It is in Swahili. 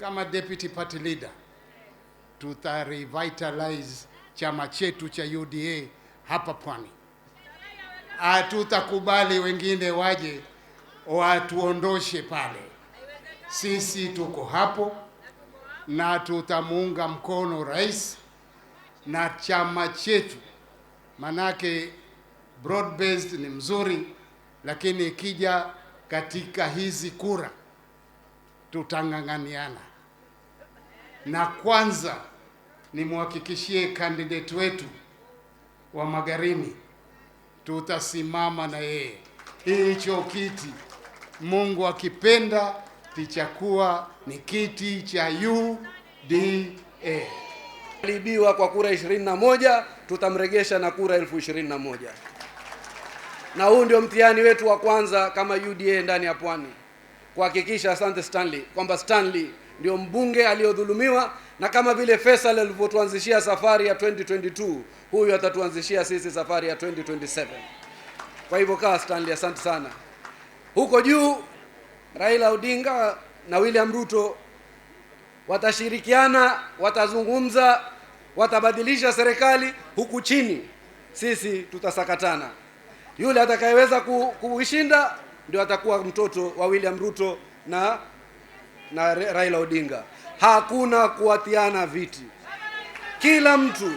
kama deputy party leader, tuta revitalize chama chetu cha UDA hapa Pwani. Hatutakubali ah, wengine waje watuondoshe pale. Sisi tuko hapo na tutamuunga mkono rais na chama chetu, manake broad based ni mzuri, lakini ikija katika hizi kura tutang'ang'aniana na kwanza nimhakikishie kandideti wetu wa Magarini, tutasimama na yeye. Hicho kiti Mungu akipenda kichakuwa ni kiti cha UDA. Alibiwa kwa kura 21, tutamregesha na kura elfu 21. Na huu ndio mtihani wetu wa kwanza kama UDA ndani ya Pwani, kuhakikisha, asante Stanley, kwamba Stanley ndio mbunge aliyodhulumiwa, na kama vile Faisal alivyotuanzishia safari ya 2022 huyu atatuanzishia sisi safari ya 2027. Kwa hivyo kaa Stanley, asante sana. Huko juu Raila Odinga na William Ruto watashirikiana, watazungumza, watabadilisha serikali. Huku chini sisi tutasakatana. Yule atakayeweza kuishinda ndio atakuwa mtoto wa William Ruto na na Raila Odinga. Hakuna kuwatiana viti, kila mtu